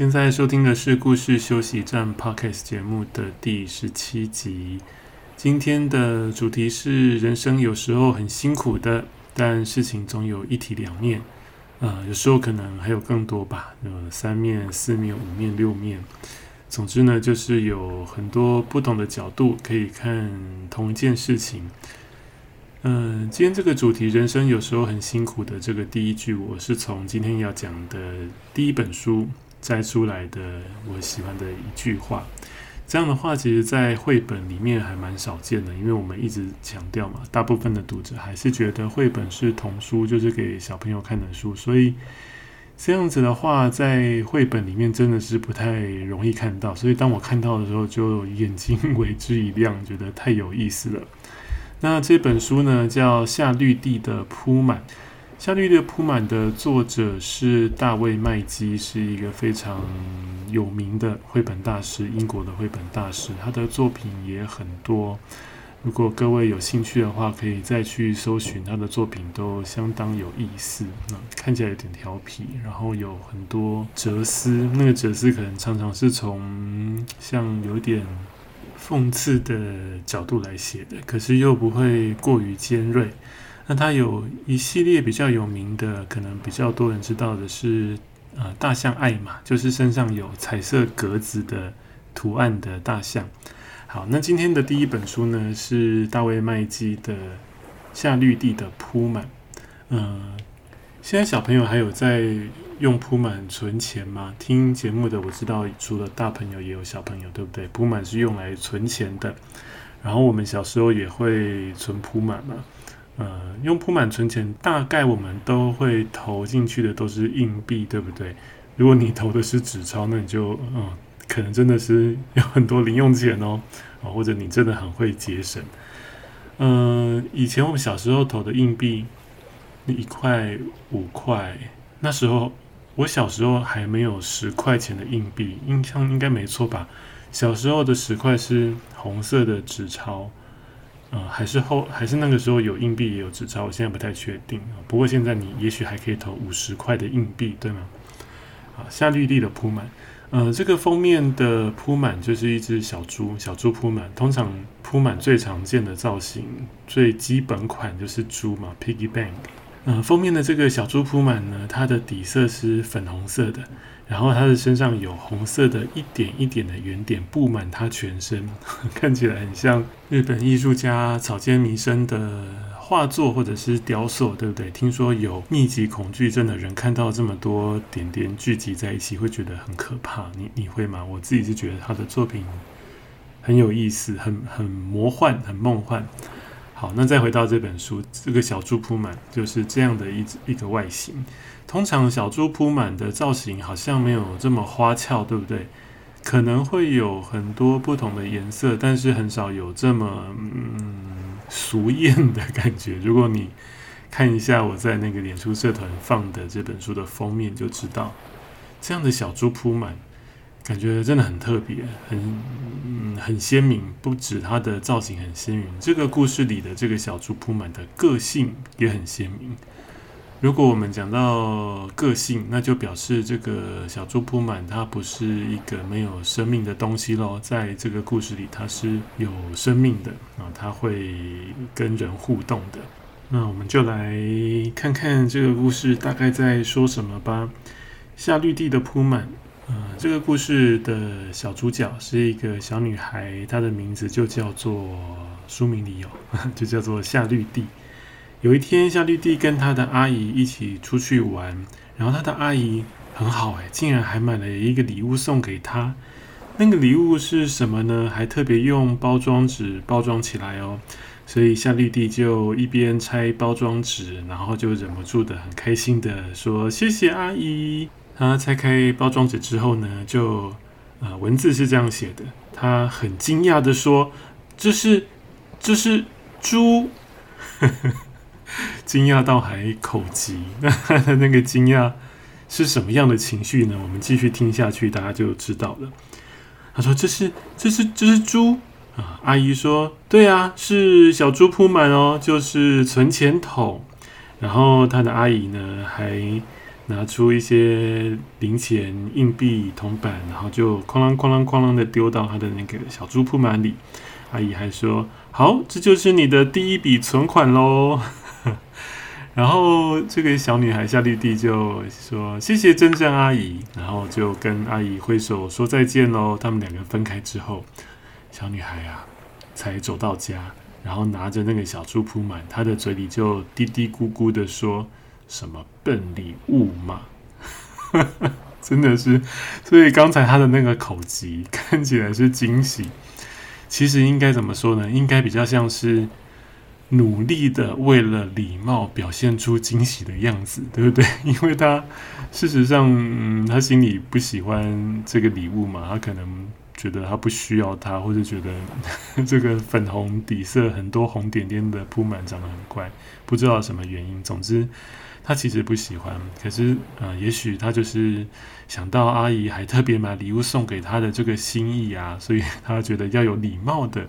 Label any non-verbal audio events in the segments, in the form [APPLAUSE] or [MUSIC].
現在收聽的是《故事休息站》Podcast 節目的第十七集。今天的主題是：人生有時候很辛苦的，但事情總有一體兩面。啊、呃，有時候可能還有更多吧，呃，三面、四面、五面、六面，總之呢，就是有很多不同的角度可以看同一件事情。嗯、呃，今天這個主題“人生有時候很辛苦的”這個第一句，我是從今天要講的第一本書。摘出來的我喜歡的一句話，這樣的話，其實，在繪本裡面還蠻少見的，因為我們一直強調嘛，大部分的讀者還是覺得繪本是童書，就是給小朋友看的書，所以這樣子的話，在繪本裡面真的是不太容易看到。所以當我看到的時候，就眼睛為之一亮，覺得太有意思了。那這本書呢，叫《夏綠蒂的撲滿》。《夏綠蒂的撲滿》作者是大衛麥基，是一個非常有名的繪本大師，英國的繪本大師。他的作品也很多，如果各位有興趣的話，可以再去搜尋他的作品，都相當有意思。嗯，看起來有點調皮，然後有很多哲思。那個哲思可能常常是從像有點諷刺的角度來寫的，可是又不會過於尖銳。那它有一系列比較有名的，可能比較多人知道的是，呃，大象艾瑪，就是身上有彩色格子的圖案的大象。好，那今天的第一本書呢是大衛麥基的《夏綠蒂的撲滿》呃。嗯，現在小朋友還有在用撲滿存錢嗎？聽節目的我知道，除了大朋友也有小朋友，對不對？撲滿是用來存錢的，然後我們小時候也會存撲滿嘛。呃、嗯，用撲滿存錢，大概我們都會投進去的都是硬幣，對不對？如果你投的是紙鈔，那你就嗯，可能真的是有很多零用錢哦，啊、哦，或者你真的很會節省。嗯，以前我們小時候投的硬幣，一塊、五塊，那時候我小時候還沒有十塊錢的硬幣，印象應該沒錯吧？小時候的十塊是紅色的紙鈔。呃，還是後還是那個時候有硬幣也有紙鈔，我現在不太確定，啊，不過現在你也許還可以投五十塊的硬幣，對嗎？啊，夏綠蒂的鋪滿，呃，這個封面的鋪滿就是一隻小豬，小豬鋪滿。通常鋪滿最常見的造型，最基本款就是豬嘛，Piggy Bank。呃、嗯，封面的這個小豬鋪滿呢，它的底色是粉紅色的，然後它的身上有紅色的一點一點的圓點布滿它全身， [LAUGHS] 看起來很像日本藝術家草間彌生的畫作或者是雕塑，對不對？聽說有密集恐懼症的人看到這麼多點點聚集在一起會覺得很可怕，你你會嗎？我自己就覺得他的作品很有意思，很很魔幻，很夢幻。好，那再回到這本書，這個小豬撲滿就是這樣的一一個外形。通常小豬撲滿的造型好像沒有這麼花俏，對不對？可能會有很多不同的顏色，但是很少有這麼嗯俗艷的感覺。如果你看一下我在那個臉書社團放的這本書的封面，就知道這樣的小豬撲滿。感覺真的很特別，很嗯很鮮明。不止它的造型很鮮明，這個故事裡的這個小豬撲滿的個性也很鮮明。如果我們講到個性，那就表示這個小豬撲滿它不是一個沒有生命的東西嘍。在這個故事裡，它是有生命的啊，它會跟人互動的。那我們就來看看這個故事大概在說什麼吧。夏綠蒂的撲滿。嗯，這個故事的小主角是一個小女孩，她的名字就叫做書名裡有，呵呵，就叫做夏綠蒂。有一天，夏綠蒂跟她的阿姨一起出去玩，然後她的阿姨很好，欸，竟然還買了一個禮物送給她。那個禮物是什麼呢？還特別用包裝紙包裝起來哦。所以夏綠蒂就一邊拆包裝紙，然後就忍不住的很開心的說：“謝謝阿姨。”他拆開包裝紙之後呢，就呃、文字是這樣寫的。他很驚訝地說：“這是這是豬， [LAUGHS] 驚訝到還口急。”那他的那個驚訝是什麼樣的情緒呢？我們繼續聽下去，大家就知道了。他說這：“這是這是這是豬啊！”阿姨說：“對啊，是小豬撲滿哦，就是存錢桶。”然後他的阿姨呢還。拿出一些零錢、硬幣、銅板，然後就哐啷哐啷哐啷的丟到他的那個小豬撲滿裡。阿姨還說：“好，這就是你的第一筆存款嘍。 [LAUGHS] ”然後這個小女孩夏綠蒂就說：“謝謝珍珍阿姨。”然後就跟阿姨揮手說再見嘍。他們兩個分開之後，小女孩啊才走到家，然後拿着那個小豬撲滿，她的嘴裡就嘀嘀咕咕的說。什麼笨禮物嘛， [LAUGHS] 真的是，所以剛才他的那個口氣看起來是驚喜，其實應該怎麼說呢？應該比較像是努力的為了禮貌表現出驚喜的樣子，對不對？因為他事實上，嗯，他心裡不喜歡這個禮物嘛，他可能覺得他不需要它，或者覺得這個粉紅底色、很多紅點點的撲滿，長得很怪，不知道什麼原因。總之。他其實不喜歡，可是呃，也許他就是想到阿姨還特別買禮物送給他的這個心意啊，所以他覺得要有禮貌的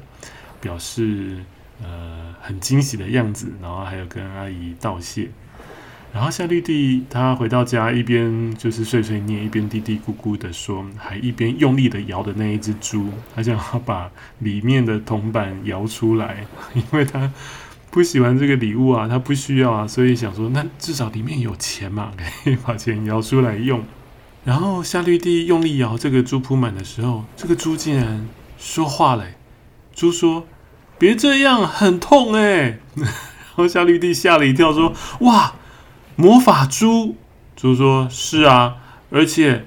表示呃，很驚喜的樣子，然後還要跟阿姨道謝。然後夏綠蒂他回到家一邊睡睡，一邊就是碎碎念，一邊嘀嘀咕咕的說，還一邊用力的搖的那一只豬，他想要把裡面的銅板搖出來，因為他。不喜歡這個禮物啊，他不需要啊，所以想說，那至少裡面有錢嘛，可以把錢搖出來用。然後夏綠蒂用力搖這個豬撲滿的時候，這個豬竟然說話了。豬說：“別這樣，很痛哎！”然後夏綠蒂嚇了一跳，說：“哇，魔法豬！”豬說：“是啊，而且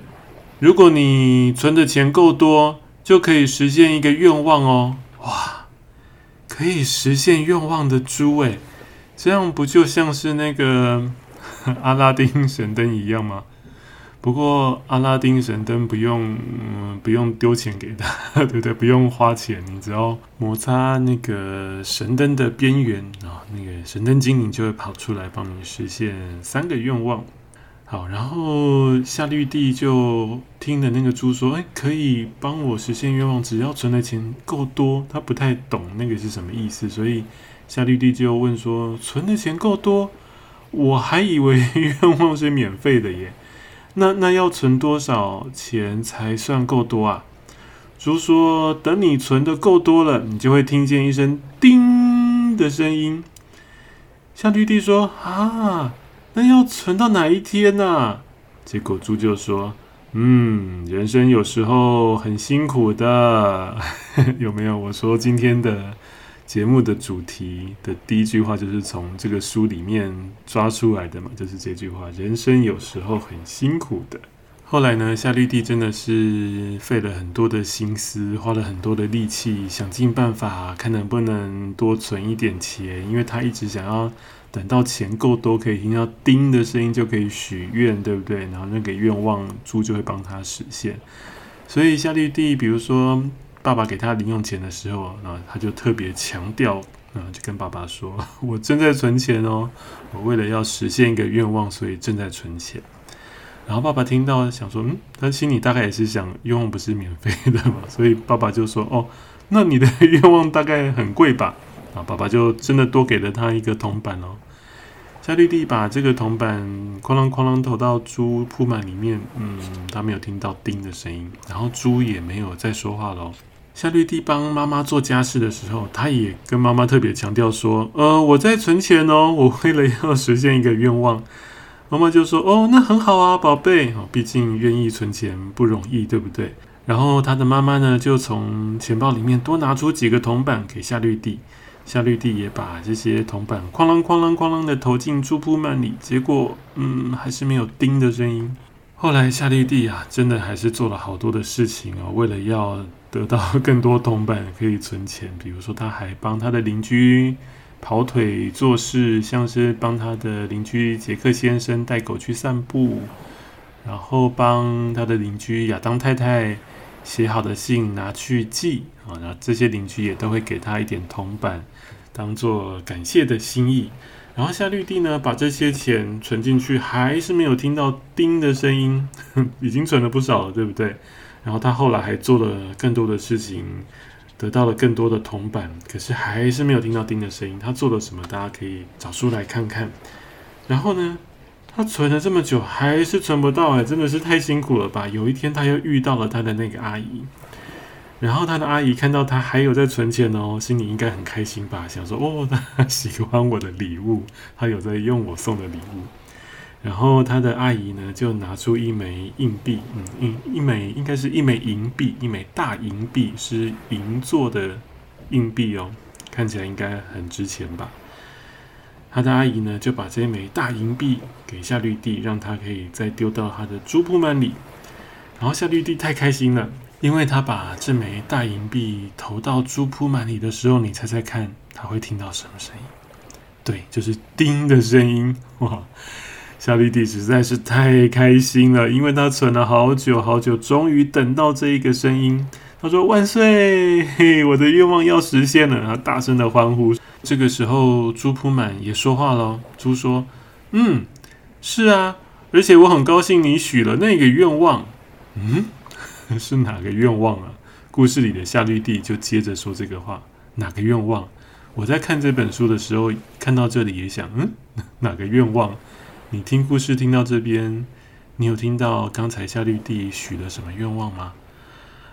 如果你存的錢夠多，就可以實現一個願望哦。”哇！可以實現願望的豬、欸，這樣不就像是那個阿拉丁神燈一樣嗎？不過阿拉丁神燈不用、嗯，不用丟錢給他，對不對？不用花錢，你只要摩擦那個神燈的邊緣啊、哦，那個神燈精靈就會跑出來幫你實現三個願望。好，然後夏綠蒂就聽的那個豬說誒：“可以幫我實現願望，只要存的錢夠多。”他不太懂那個是什麼意思，所以夏綠蒂就問說：“存的錢夠多？我還以為願望是免費的耶。那那要存多少錢才算夠多啊？”豬說：“等你存的夠多了，你就會聽見一聲‘叮’的聲音。”夏綠蒂說：“啊。”那要存到哪一天呢，啊？結果豬就說：“嗯，人生有時候很辛苦的， [LAUGHS] 有沒有？”我說今天的節目的主題的第一句話就是從這個書裡面抓出來的嘛，就是這句話：“人生有時候很辛苦的。”後來呢，夏綠蒂真的是費了很多的心思，花了很多的力氣，想盡辦法看能不能多存一點錢，因為他一直想要等到錢夠多，可以聽到叮的聲音就可以許願，對不對？然後那個願望豬就會幫他實現。所以夏綠蒂，比如說爸爸給他零用錢的時候，然後他就特別強調，然後就跟爸爸說：“我正在存錢哦，我為了要實現一個願望，所以正在存錢。”然後爸爸聽到，想說，嗯，他心裡大概也是想，願望不是免費的嘛，所以爸爸就說，哦，那你的願望大概很貴吧？啊，爸爸就真的多給了他一個銅板哦。夏綠蒂把這個銅板哐啷哐啷，投到豬撲滿裡面，嗯，他沒有聽到叮的聲音，然後豬也沒有再說話咯。夏綠蒂幫媽媽做家事的時候，他也跟媽媽特別強調說，呃，我在存錢哦，我為了要實現一個願望。媽媽就說：“哦，那很好啊，寶貝。哦，畢竟願意存錢不容易，對不對？”然後他的媽媽呢，就從錢包裡面多拿出幾個銅板給夏綠蒂。夏綠蒂也把這些銅板哐啷哐啷哐啷的投進豬撲滿裡。結果，嗯，還是沒有叮的聲音。後來，夏綠蒂啊，真的還是做了好多的事情啊，哦，為了要得到更多銅板可以存錢。比如說，他還幫他的鄰居。跑腿做事，像是幫他的鄰居傑克先生帶狗去散步，然後幫他的鄰居亞當太太寫好的信拿去寄啊，然後這些鄰居也都會給他一點銅板，當做感謝的心意。然後夏綠蒂呢，把這些錢存進去，還是沒有聽到叮的聲音，哼，已經存了不少了，對不對？然後他後來還做了更多的事情。得到了更多的銅板，可是還是沒有聽到叮的聲音。他做了什麼？大家可以找出來看看。然後呢，他存了這麼久，還是存不到哎、欸，真的是太辛苦了吧。有一天，他又遇到了他的那個阿姨，然後他的阿姨看到他還有在存錢哦，心裡應該很開心吧，想說哦，他喜歡我的禮物，他有在用我送的禮物。然後他的阿姨呢，就拿出一枚硬幣，嗯，一一枚應該是一枚銀幣，一枚大銀幣，是銀做的硬幣哦，看起來應該很值錢吧？他的阿姨呢，就把這枚大銀幣給夏綠蒂，讓他可以再丟到他的豬撲滿裡。然後夏綠蒂太開心了，因為他把這枚大銀幣投到豬撲滿裡的時候，你猜猜看他會聽到什麼聲音？對，就是“叮”的聲音，哇！夏綠蒂實在是太開心了，因為他存了好久好久，終於等到這一個聲音。他說：“萬歲！嘿，我的願望要實現了！”他大聲的歡呼。這個時候，豬撲滿也說話了。豬說：“嗯，是啊，而且我很高興你許了那個願望。嗯，是哪個願望啊？”故事裡的夏綠蒂就接着說這個話：“哪個願望？”我在看這本書的時候，看到這裡也想：“嗯，哪個願望？”你聽故事聽到這邊，你有聽到剛才夏綠蒂許了什麼願望嗎？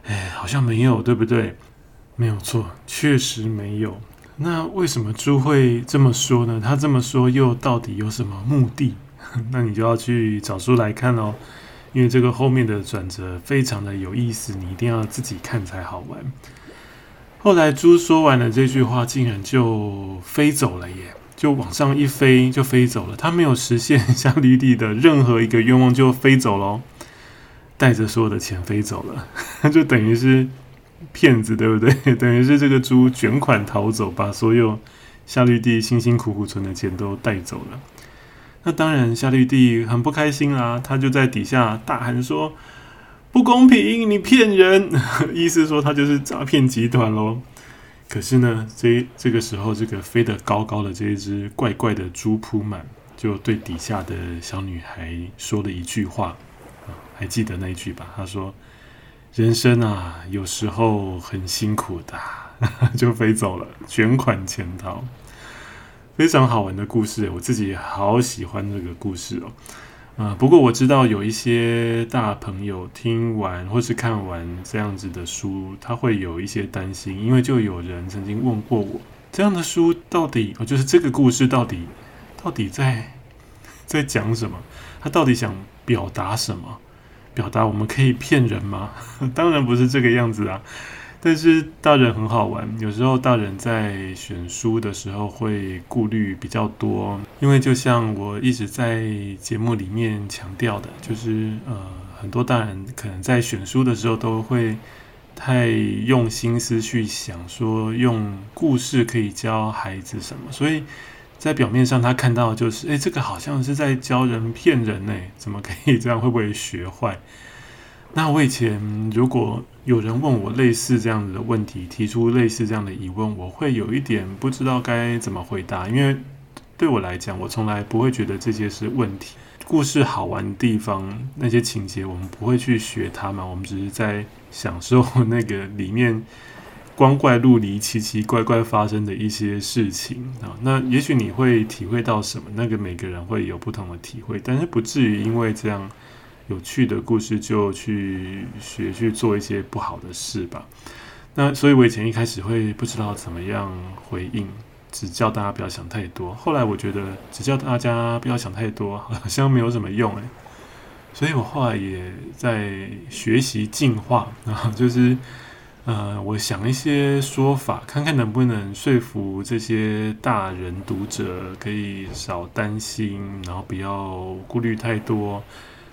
哎，好像沒有，對不對？沒有錯，確實沒有。那為什麼豬會這麼說呢？他這麼說又到底有什麼目的？那你就要去找書來看哦，因為這個後面的轉折非常的有意思，你一定要自己看才好玩。後來豬說完了這句話，竟然就飛走了耶。就往上一飛，就飛走了。他沒有實現夏綠蒂的任何一個願望，就飛走了，帶着所有的錢飛走了， [LAUGHS] 就等於是騙子，對不對？等於是這個豬捲款逃走，把所有夏綠蒂辛辛苦苦存的錢都帶走了。那當然，夏綠蒂很不開心啦，他就在底下大喊說：“不公平！你騙人！” [LAUGHS] 意思說他就是詐騙集團嘍。可是呢，這這個時候，這個飛得高高的這一隻怪怪的豬撲滿，就對底下的小女孩說了一句話，啊，還記得那一句吧？他說：“人生啊，有時候很辛苦的。 [LAUGHS] ”就飛走了，捲款潛逃。非常好玩的故事欸，我自己好喜歡這個故事哦。啊、嗯，不過我知道有一些大朋友聽完或是看完這樣子的書，他會有一些擔心，因為就有人曾經問過我，這樣的書到底，哦、就是這個故事到底，到底在在講什麼？他到底想表達什麼？表達我們可以騙人嗎？當然不是這個樣子啊。但是大人很好玩，有時候大人在選書的時候會顧慮比較多，因為就像我一直在節目裡面強調的，就是呃，很多大人可能在選書的時候都會太用心思去想，說用故事可以教孩子什麼，所以在表面上他看到就是，誒，這個好像是在教人騙人呢，怎麼可以這樣？會不會學壞？那我以前，如果有人問我類似這樣子的問題，提出類似這樣的疑問，我會有一點不知道該怎麼回答，因為對我來講，我從來不會覺得這些是問題。故事好玩的地方，那些情節，我們不會去學它嘛，我們只是在享受那個裡面光怪陸離、奇奇怪怪發生的一些事情啊。那也許你會體會到什麼，那個每個人會有不同的體會，但是不至於因為這樣。有趣的故事就去學去做一些不好的事吧。那所以，我以前一開始會不知道怎麼樣回應，只叫大家不要想太多。後來我覺得，只叫大家不要想太多，好像沒有什麼用誒。所以我後來也在學習進化，然後就是呃，我想一些說法，看看能不能說服這些大人讀者可以少擔心，然後不要顧慮太多。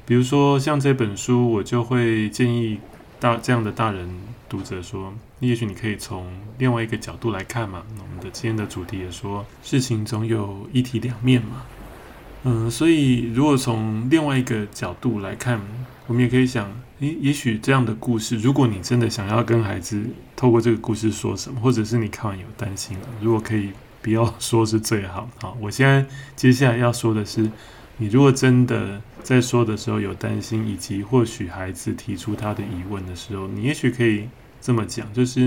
比如說，像這本書，我就會建議大這樣的大人讀者說，也許你可以從另外一個角度來看嘛。我們的今天的主題也說，事情總有一體兩面嘛。嗯，所以如果從另外一個角度來看，我們也可以想，哎，也許這樣的故事，如果你真的想要跟孩子透過這個故事說什麼，或者是你看完有擔心了，如果可以，不要說是最好。好，我現在接下來要說的是，你如果真的。在說的時候有擔心，以及或許孩子提出他的疑問的時候，你也許可以這麼講，就是，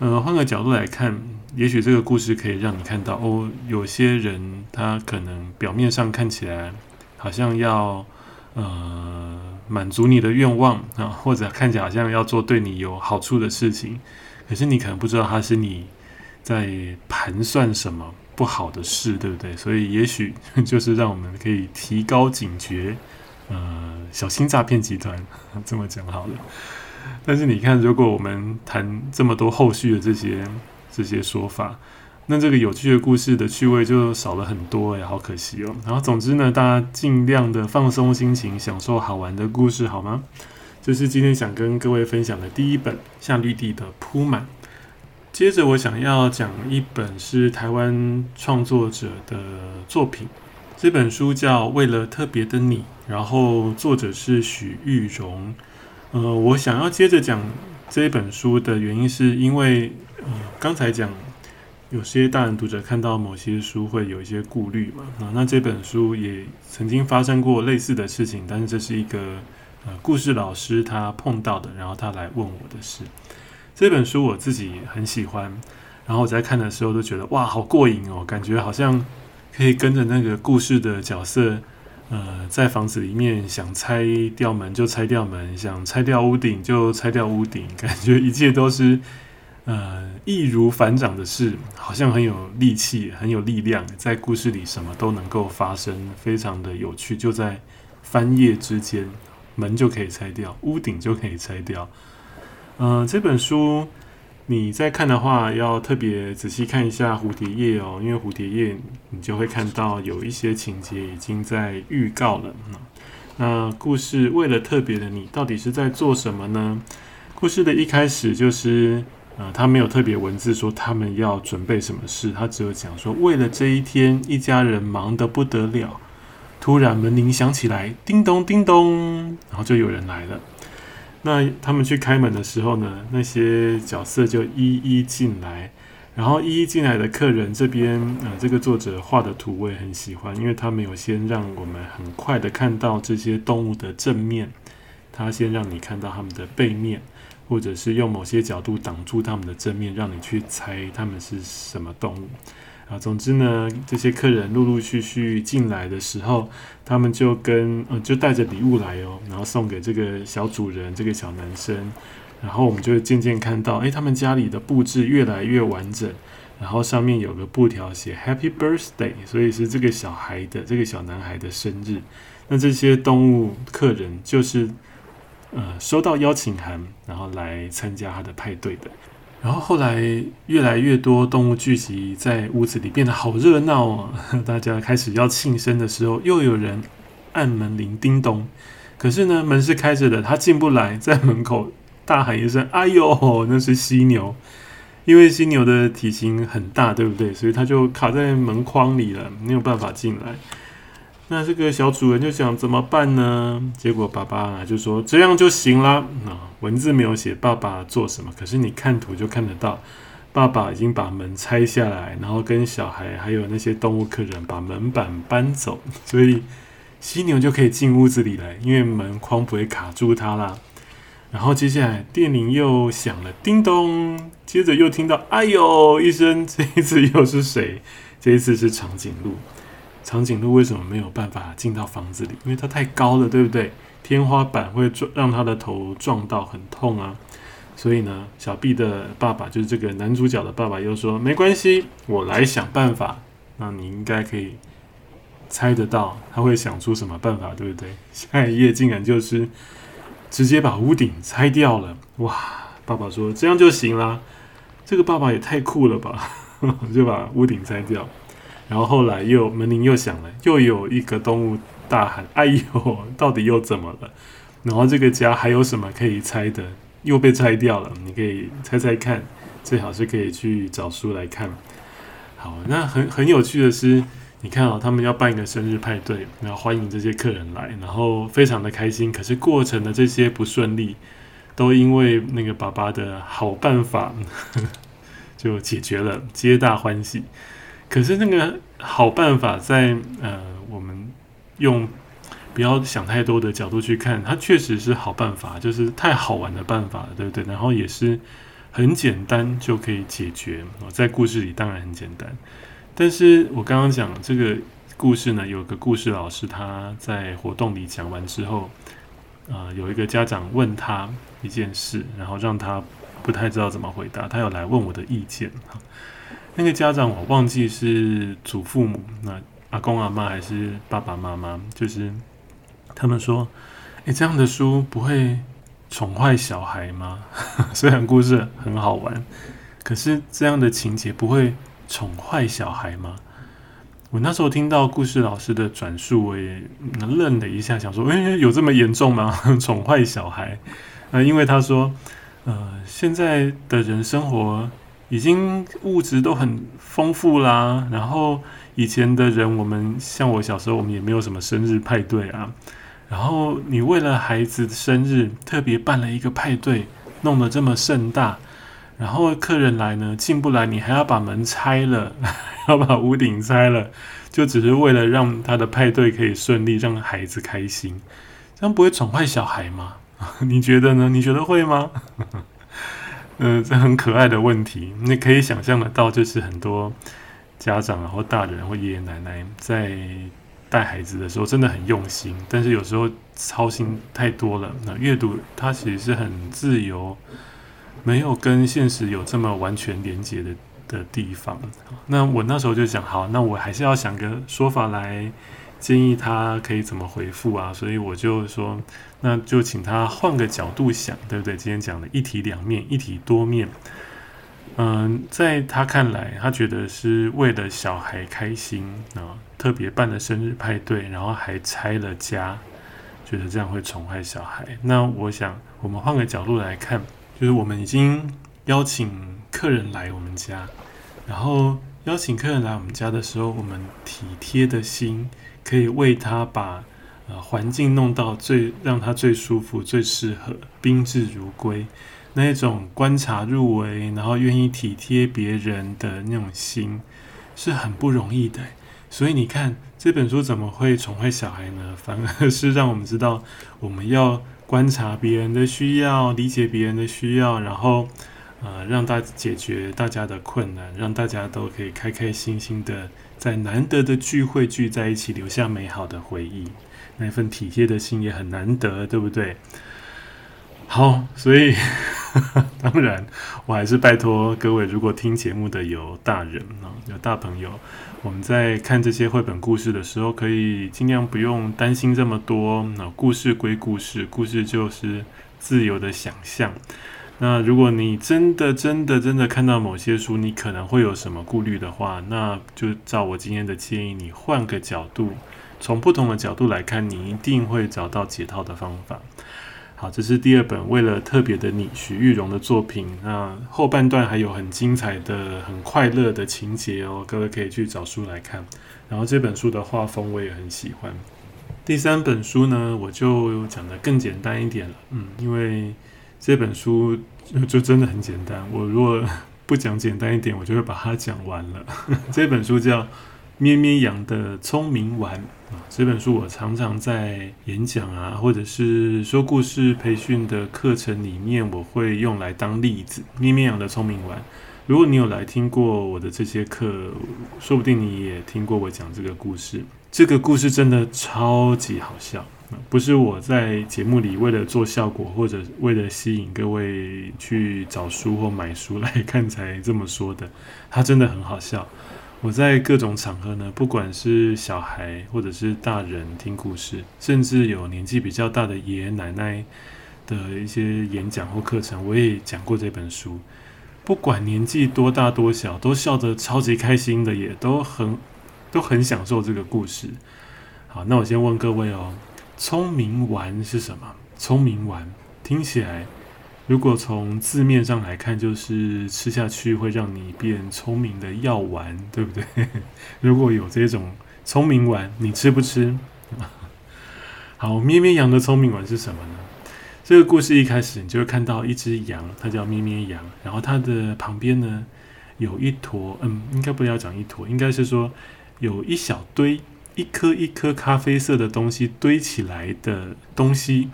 嗯、呃，換個角度來看，也許這個故事可以讓你看到哦，有些人他可能表面上看起來好像要呃滿足你的願望啊、呃，或者看起來好像要做對你有好處的事情，可是你可能不知道他心裡在盤算什麼。不好的事，對不對？所以也許就是讓我們可以提高警覺，呃，小心詐騙集團，這麼講好了。但是你看，如果我們談這麼多後續的這些這些說法，那這個有趣的故事的趣味就少了很多，欸，好可惜哦。然後總之呢，大家盡量的放鬆心情，享受好玩的故事好嗎？就是今天想跟各位分享的第一本《夏綠蒂的撲滿》。接着我想要講一本是台灣創作者的作品，這本書叫《為了特別的你》，然後作者是許育榮。呃，我想要接着講這本書的原因，是因為呃，剛才講有些大人讀者看到某些書會有一些顧慮嘛，啊，那這本書也曾經發生過類似的事情，但是這是一個呃，故事老師他碰到的，然後他來問我的事。這本書我自己很喜歡，然後我在看的時候都覺得哇，好過癮哦！感覺好像可以跟着那個故事的角色，呃，在房子裡面想拆掉門就拆掉門，想拆掉屋頂就拆掉屋頂，感覺一切都是呃易如反掌的事，好像很有力氣，很有力量，在故事裡什麼都能夠發生，非常的有趣。就在翻頁之間，門就可以拆掉，屋頂就可以拆掉。嗯、呃，這本書你在看的話，要特別仔細看一下蝴蝶頁哦，因為蝴蝶頁你就會看到有一些情節已經在預告了。那故事為了特別的你到底是在做什麼呢？故事的一開始就是，啊、呃，他沒有特別文字說他們要準備什麼事，他只有講說為了這一天，一家人忙得不得了。突然門鈴響起來，叮咚叮咚，然後就有人來了。那他們去開門的時候呢？那些角色就一一進來，然後一一進來的客人這邊啊、呃，這個作者畫的圖我也很喜歡，因為他沒有先讓我們很快的看到這些動物的正面，他先讓你看到他們的背面，或者是用某些角度擋住他們的正面，讓你去猜他們是什麼動物。啊，總之呢，這些客人陸陸續續進來的時候，他們就跟呃，就帶着禮物來哦，然後送給這個小主人，這個小男生。然後我們就漸漸看到，哎、欸，他們家裡的布置越來越完整，然後上面有個布條寫 “Happy Birthday”，所以是這個小孩的，這個小男孩的生日。那這些動物客人就是呃，收到邀請函，然後來參加他的派對的。然後後來越來越多動物聚集在屋子裡，變得好熱鬧啊！大家開始要慶生的時候，又有人按門鈴，叮咚。可是呢，門是開着的，他進不來，在門口大喊一聲：“哎呦，那是犀牛！”因為犀牛的體型很大，對不對？所以他就卡在門框裡了，沒有辦法進來。那這個小主人就想怎麼辦呢？結果爸爸就說，這樣就行了。那、嗯、文字沒有寫爸爸做什麼，可是你看圖就看得到，爸爸已經把門拆下來，然後跟小孩還有那些動物客人把門板搬走，所以犀牛就可以進屋子裡來，因為門框不會卡住它啦。然後接下來電鈴又響了，叮咚，接着又聽到哎呦一聲，這一次又是誰？這一次是長頸鹿。長頸鹿為什麼沒有辦法進到房子裡？因為它太高了，對不對？天花板會撞，讓它的頭撞到，很痛啊。所以呢，小 B 的爸爸就是這個男主角的爸爸，又說沒關係，我來想辦法。那你應該可以猜得到他會想出什麼辦法，對不對？下一頁竟然就是直接把屋頂拆掉了！哇，爸爸說這樣就行啦！這個爸爸也太酷了吧？ [LAUGHS] 就把屋頂拆掉。然後後來又門鈴又響了，又有一個動物大喊：“哎呦，到底又怎麼了？”然後這個家還有什麼可以拆的？又被拆掉了，你可以猜猜看，最好是可以去找書來看。好，那很很有趣的是，你看哦，他們要辦一個生日派對，然後歡迎這些客人來，然後非常的開心。可是過程的這些不順利，都因為那個爸爸的好辦法，呵呵就解決了，皆大歡喜。可是那個好辦法在，在呃，我們用不要想太多的角度去看，它確實是好辦法，就是太好玩的辦法了，對不對？然後也是很簡單就可以解決。在故事裡當然很簡單，但是我剛剛講這個故事呢，有個故事老師他在活動裡講完之後，啊、呃，有一個家長問他一件事，然後讓他不太知道怎麼回答，他有來問我的意見。那個家長，我忘記是祖父母，那阿公阿媽還是爸爸媽媽，就是他們說：“誒、欸，這樣的書不會寵壞小孩嗎？ [LAUGHS] 雖然故事很好玩，可是這樣的情節不會寵壞小孩嗎？”我那時候聽到故事老師的轉述，我也愣了一下，想說：“誒、欸，有這麼嚴重嗎？寵 [LAUGHS] 壞小孩？”啊、呃，因為他說：“呃，現在的人生活……”已經物質都很豐富啦、啊，然後以前的人，我們像我小時候，我們也沒有什麼生日派對啊。然後你為了孩子的生日特別辦了一個派對，弄得這麼盛大，然後客人來呢進不來，你還要把門拆了，要把屋頂拆了，就只是為了讓他的派對可以順利，讓孩子開心。這樣不會寵壞小孩嗎？你覺得呢？你覺得會嗎？呃，這很可愛的問題，你可以想象得到，就是很多家長然或大人或爺爺奶奶在帶孩子的時候真的很用心，但是有時候操心太多了。那閱讀它其實是很自由，沒有跟現實有這麼完全連接的的地方。那我那時候就想，好，那我還是要想個說法來。建議他可以怎麼回覆啊？所以我就說，那就請他換個角度想，對不對？今天講的一體兩面，一體多面。嗯，在他看來，他覺得是為了小孩開心啊，呃，特別辦的生日派對，然後還拆了家，覺得這樣會寵壞小孩。那我想，我們換個角度來看，就是我們已經邀請客人來我們家，然後邀請客人來我們家的時候，我們體貼的心。可以為他把呃環境弄到最讓他最舒服、最適合，賓至如歸，那一種觀察入微，然後願意體貼別人的那種心，是很不容易的。所以你看這本書怎麼會寵壞小孩呢？反而是讓我們知道，我們要觀察別人的需要，理解別人的需要，然後。啊、呃，讓大家解決大家的困難，讓大家都可以開開心心的在難得的聚會聚在一起，留下美好的回憶。那份體貼的心也很難得，對不對？好，所以呵呵當然，我還是拜託各位，如果聽節目的有大人有大朋友，我們在看這些繪本故事的時候，可以盡量不用擔心這麼多。那故事歸故事，故事就是自由的想象那如果你真的、真的、真的看到某些書，你可能會有什麼顧慮的話，那就照我今天的建議，你換個角度，從不同的角度來看，你一定會找到解套的方法。好，這是第二本為了特別的你，徐玉榮的作品。那後半段還有很精彩的、很快樂的情節哦，各位可以去找書來看。然後這本書的畫風我也很喜歡。第三本書呢，我就講的更簡單一點了，嗯，因為。這本書就真的很簡單，我如果不講簡單一點，我就會把它講完了。呵呵，這本書叫《咩咩羊的聰明丸》啊，這本書我常常在演講啊，或者是說故事培訓的課程裡面，我會用來當例子。咩咩羊的聰明丸，如果你有來聽過我的這些課，說不定你也聽過我講這個故事。這個故事真的超級好笑。不是我在節目裡為了做效果，或者為了吸引各位去找書或買書來看才這麼說的。它真的很好笑。我在各種場合呢，不管是小孩或者是大人聽故事，甚至有年紀比較大的爺爺奶奶的一些演講或課程，我也講過這本書。不管年紀多大多小，都笑得超級開心的，也都很都很享受這個故事。好，那我先問各位哦。聰明丸是什麼？聰明丸聽起來，如果從字面上來看，就是吃下去會讓你變聰明的藥丸，對不對？如果有這種聰明丸，你吃不吃？好，咩咩羊的聰明丸是什麼呢？這個故事一開始，你就會看到一隻羊，它叫咩咩羊，然後它的旁邊呢，有一坨……嗯，應該不要講一坨，應該是說有一小堆。一顆一顆咖啡色的東西堆起來的東西，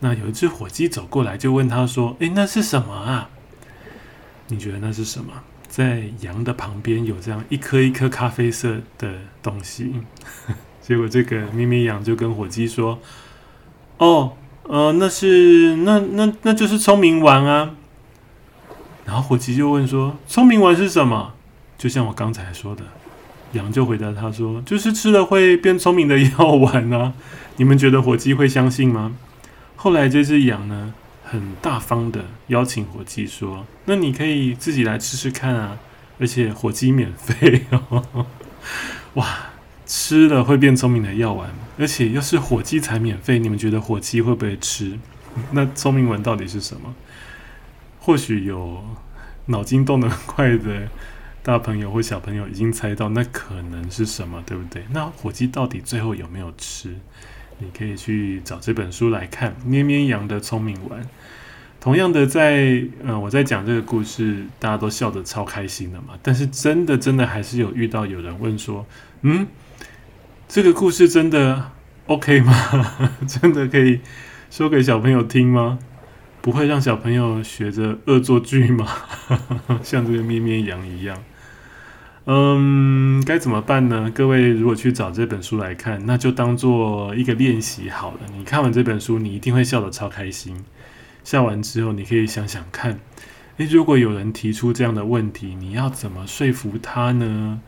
那有一隻火雞走過來，就問他說：“哎、欸，那是什麼啊？你覺得那是什麼？”在羊的旁邊有這樣一顆一顆咖啡色的東西， [LAUGHS] 結果這個咩咩羊就跟火雞說：“哦，呃，那是那那那就是聰明丸啊。”然後火雞就問說：“聰明丸是什麼？”就像我剛才說的。羊就回答他說：“就是吃了會變聰明的藥丸呢、啊。”你們覺得火雞會相信嗎？後來這隻羊呢，很大方的邀請火雞說：“那你可以自己來吃吃看啊，而且火雞免費哦。”哇，吃了會變聰明的藥丸，而且又是火雞才免費，你們覺得火雞會不會吃？那聰明丸到底是什麼？或許有腦筋動得快的、欸。大朋友或小朋友已經猜到那可能是什麼，對不對？那火雞到底最後有沒有吃？你可以去找這本書來看《咩咩羊的聰明丸》。同樣的在，在呃，我在講這個故事，大家都笑得超開心的嘛。但是真的，真的還是有遇到有人問說：“嗯，這個故事真的 OK 嗎？ [LAUGHS] 真的可以說給小朋友聽嗎？不會讓小朋友學着惡作劇嗎？ [LAUGHS] 像這個咩咩羊一樣？”嗯，該怎麼辦呢？各位如果去找這本書來看，那就當做一個練習好了。你看完這本書，你一定會笑得超開心。笑完之後，你可以想想看：誒，如果有人提出這樣的問題，你要怎麼說服他呢？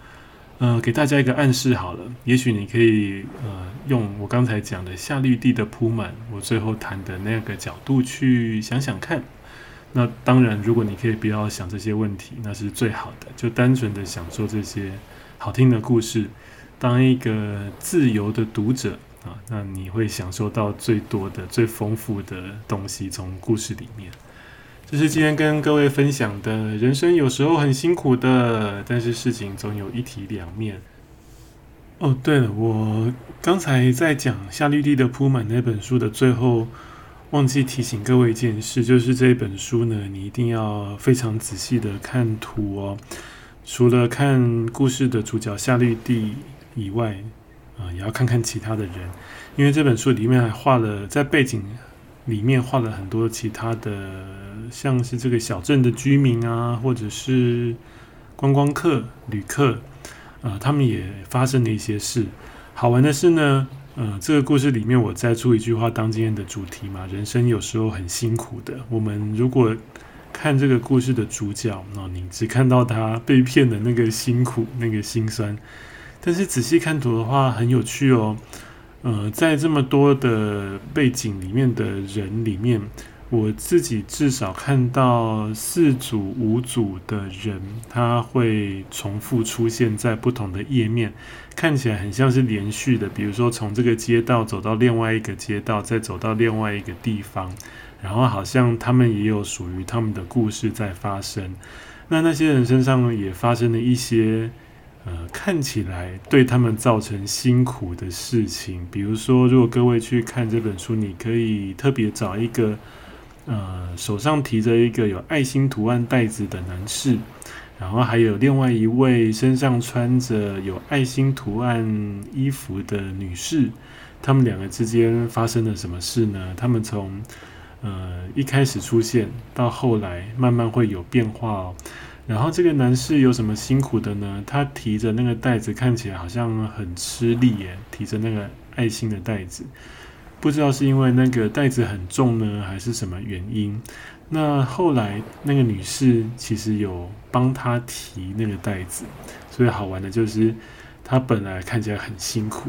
呃，給大家一個暗示好了，也許你可以呃用我剛才講的夏綠蒂的撲滿，我最後談的那個角度去想想看。那當然，如果你可以不要想這些問題，那是最好的。就單純的享受這些好聽的故事，當一個自由的讀者啊，那你會享受到最多的、最豐富的東西，從故事裡面。這是今天跟各位分享的：人生有時候很辛苦的，但是事情總有一體兩面。哦，對了，我剛才在講夏綠蒂的撲滿那本書的最後。忘記提醒各位一件事，就是這一本書呢，你一定要非常仔細的看圖哦。除了看故事的主角夏綠蒂以外，啊、呃，也要看看其他的人，因為這本書裡面還畫了，在背景裡面畫了很多其他的，像是這個小鎮的居民啊，或者是觀光客、旅客，啊、呃，他們也發生了一些事。好玩的是呢。呃，這個故事裡面，我摘出一句話當今天的主題嘛。人生有時候很辛苦的。我們如果看這個故事的主角，那、哦、你只看到他被騙的那個辛苦，那個心酸，但是仔細看圖的話，很有趣哦。呃，在這麼多的背景裡面的人裡面。我自己至少看到四組、五組的人，他會重複出現在不同的頁面，看起來很像是連續的。比如說，從這個街道走到另外一個街道，再走到另外一個地方，然後好像他們也有屬於他們的故事在發生。那那些人身上呢，也發生了一些呃，看起來對他們造成辛苦的事情。比如說，如果各位去看這本書，你可以特別找一個。呃，手上提着一個有愛心圖案袋子的男士，然後還有另外一位身上穿着有愛心圖案衣服的女士，他們兩個之間發生了什麼事呢？他們從呃一開始出現到後來慢慢會有變化哦。然後這個男士有什麼辛苦的呢？他提着那個袋子看起來好像很吃力耶，提着那個愛心的袋子。不知道是因為那個袋子很重呢，還是什麼原因？那後來那個女士其實有幫她提那個袋子，所以好玩的就是她本來看起來很辛苦，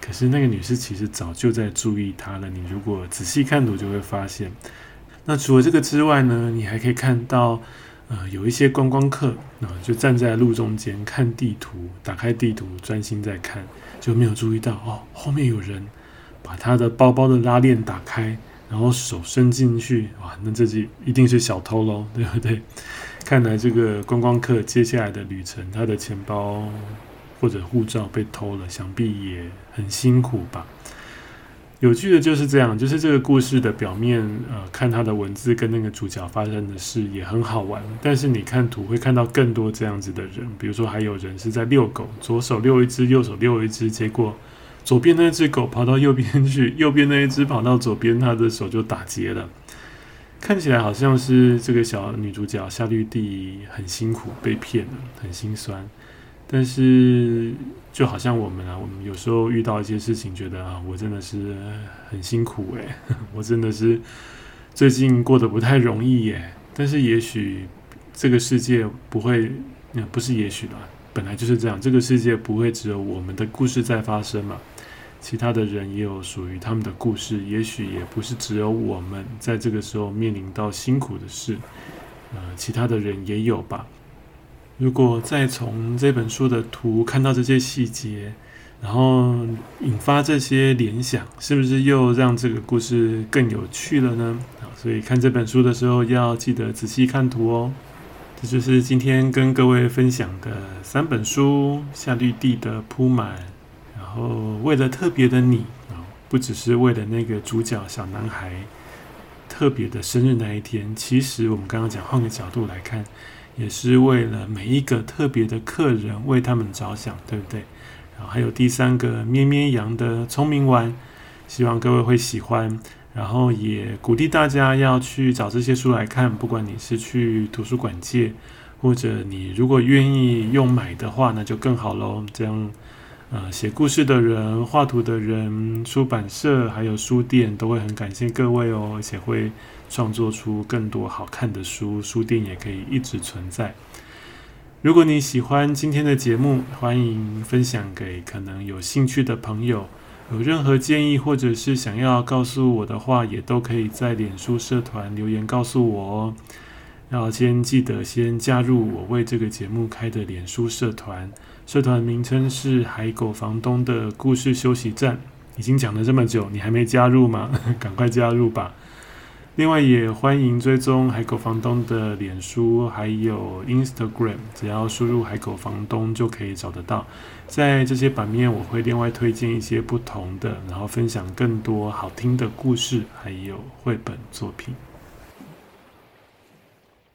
可是那個女士其實早就在注意她了。你如果仔細看圖，就會發現。那除了這個之外呢，你還可以看到，呃，有一些觀光客，然後，呃，就站在路中間看地圖，打開地圖專心在看，就沒有注意到哦，後面有人。把他的包包的拉鏈打開，然後手伸進去，哇，那這就一定是小偷嘍，對不對？看來這個觀光客接下來的旅程，他的錢包或者護照被偷了，想必也很辛苦吧。有趣的就是這樣，就是這個故事的表面，呃，看他的文字跟那個主角發生的事也很好玩，但是你看圖會看到更多這樣子的人，比如說還有人是在遛狗，左手遛一隻，右手遛一隻，結果。左邊那隻狗跑到右邊去，右邊那一隻跑到左邊，它的手就打結了。看起來好像是這個小女主角夏綠蒂很辛苦，被騙了，很心酸。但是就好像我們啊，我們有時候遇到一些事情，覺得啊，我真的是很辛苦誒、欸，我真的是最近過得不太容易耶、欸。但是也許這個世界不會，呃、不是也許啦，本來就是這樣，這個世界不會只有我們的故事在發生嘛。其他的人也有屬於他們的故事，也許也不是只有我們在這個時候面臨到辛苦的事，呃，其他的人也有吧。如果再從這本書的圖看到這些細節，然後引發這些聯想，是不是又讓這個故事更有趣了呢？所以看這本書的時候要記得仔細看圖哦。這就是今天跟各位分享的三本書，《夏綠蒂的撲滿》。然後，為了特別的你啊，不只是為了那個主角小男孩特別的生日那一天，其實我們剛剛講，換個角度來看，也是為了每一個特別的客人為他們着想，對不對？然後還有第三個咩咩羊的聰明丸，希望各位會喜歡。然後也鼓勵大家要去找這些書來看，不管你是去圖書館借，或者你如果願意用買的話，那就更好嘍。這樣。呃，寫故事的人、畫圖的人、出版社還有書店都會很感謝各位哦，而且會創作出更多好看的書，書店也可以一直存在。如果你喜歡今天的節目，歡迎分享給可能有興趣的朋友。有任何建議或者是想要告訴我的話，也都可以在臉書社團留言告訴我哦。要先記得先加入我為這個節目開的臉書社團，社團名稱是海狗房東的故事休息站。已經講了這麼久，你還沒加入嗎？趕 [LAUGHS] 快加入吧！另外也歡迎追蹤海狗房東的臉書，還有 Instagram，只要輸入海狗房東就可以找得到。在這些版面，我會另外推薦一些不同的，然後分享更多好聽的故事，還有繪本作品。